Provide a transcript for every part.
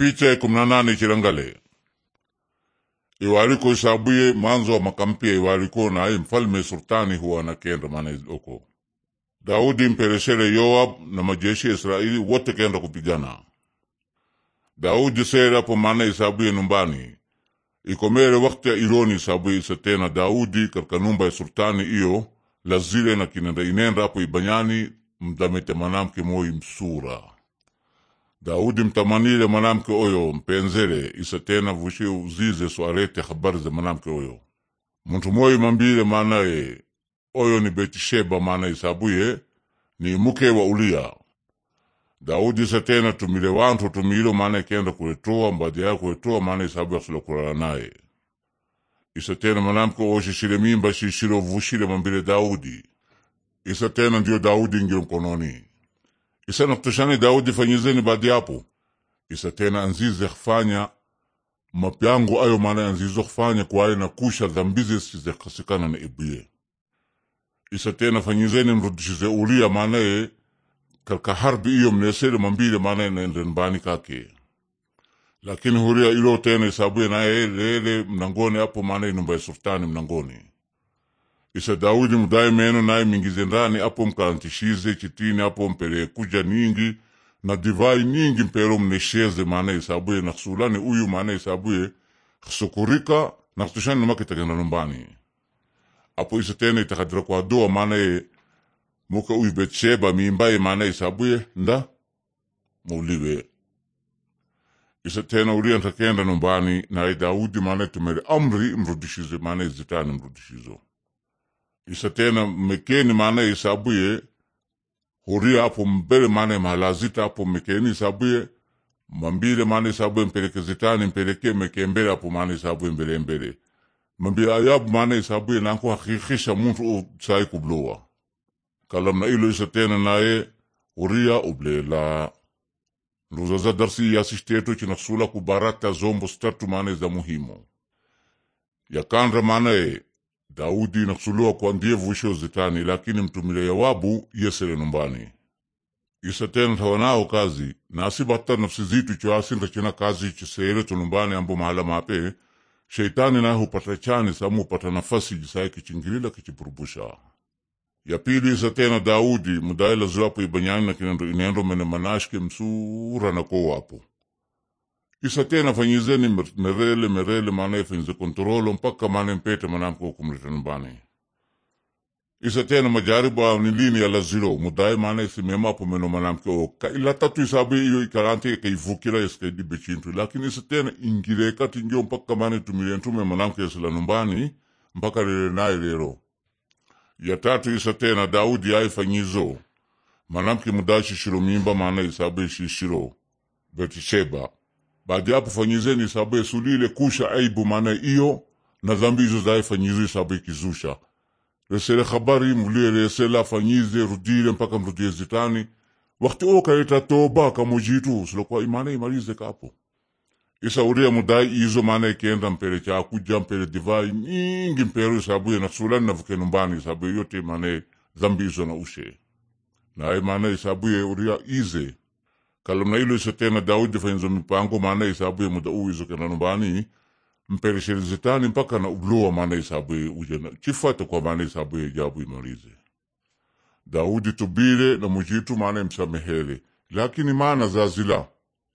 picha ya kumi na nane chirangale iwariko isabuye manzo wa makampia iwariko ai mfalme sultani huwa na anakenda maana oko daudi mperesere yoab na majeshi ya israeli wote kenda kupigana daudi sera po maana isabuye numbani ikomere wakati ya ironi isabuye isa daudi karka numba ya sultani iyo lazile na kinenda inenda apo ibanyani mdamete manamke moi msura Daudi mtamanile manamke oyo mpenzele isa tena vushie uzize so alete habari za manamke oyo muntu moyo mambile manaye oyo ni Betisheba mana sabuye ni muke wa Ulia Daudi isa tena tumile wantu tumilo manaye kenda kuletua mbadi yao kuletua maanaye sabu yasulokulala naye isa tena manamke oyo shishire mimba shishile vushire mambile Daudi isa tena ndiyo Daudi ingile mkononi isa nakutashane Daudi fanyizeni baadhi yapo isa tena anzize kufanya mapyango ayo maana anzizo kufanya kwaye na kusha dhambize kasikana na ibiye isa tena fanyizeni mrudishize ulia maanaye kalka harbi iyo mnesele mambile maanaye naendenbani kake lakini huria ilo tena isabuye naye lele mnangoni apo maanaye nyumba ya sultani mnangoni isa Daudi mudai meno naye mingize ndani apo mkarantishize chitini apo mpere kuja ningi na divai ningi mpero mnesheze maana isabuye na kusulani uyu maana isabuye kusukurika na kutushani namake itagenda numbani apo isa tena itakadira kwa doa ye muka uyu Betsheba mimbaye maana isabuye nda muliwe isa tena ulia ntakenda numbani naye Daudi maana tumere amri mrudishize maana zitani mrudishizo isa tena mekeni maana isabuye huria apo mbele maana malazita apo mekeni isabuye mambile maana isabuye mpeleke zitani mpeleke meke mbele apo maana isabuye mbele mbele mambile ayabu maana isabuye nanku hakikisha mtu sai kubloa kalamna ilo isa tena naye huria ublela nduzaza darsi yasishteto sula kubarata zombo statu maana za muhimu yakandra maanaye Daudi kusuluwa kwa ndievu isho zitani lakini mtumile Yowabu yesele numbani tena tawanao kazi nasi batta nafsi zitu choasinta china kazi chisele tunumbani ambo mahala mape sheitani naye hupata chani samu hupata nafasi jisai kichingilila kichipurubusha ya pili isatena Daudi mudaila ziwapo ibanyani na kinendo inendo mene manashke msura na kowapo Kisa tena fanyizeni merele merele maana ifanyize kontrolo mpaka maana mpete maana mkokumleta nyumbani. Isa tena majaribu au ni lini ala zilo mudai maana isimema po meno maana mko ila tatu isabu hiyo ikarante ke ivukira iske di bechintu lakini isa tena ingire kati ngio mpaka maana tumile ntume maana mko sala nyumbani mpaka lele naye lero. Ya tatu isa tena Daudi aifanyizo maana mko mudashi shiro mimba maana isabu shishiro Betisheba baada yapo fanyizeni hesabu yesulile kusha aibu maana iyo na dhambi hizo zaefanyizwe hesabu ikizusha resele habari mulie resela fanyize rudile mpaka mrudie zitani wakati okaeta toba kamujitu silokuwa imana imalize kapo isa isauria mudai izo maana ikienda mpere chakuja mpere divai mingi mpere isabuye nasulani vuke numbani isabuye yote maana dhambi hizo na ushe na naye maana isabuye uria ize kalomna ilo iso tena Daudi fanyizo mipango maana isabu ye muda uu izo kena numbani mpereshele zetani mpaka na uloa maana isabu ye ujana chifata kwa maana isabu ye jabu imalize Daudi tubile na mujitu maana imsamehele lakini maana zazila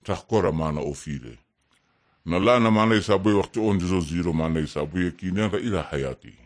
takora maana ofile na lana maana isabu ye wakti ondizo ziro maana isabu ye kinenda ila hayati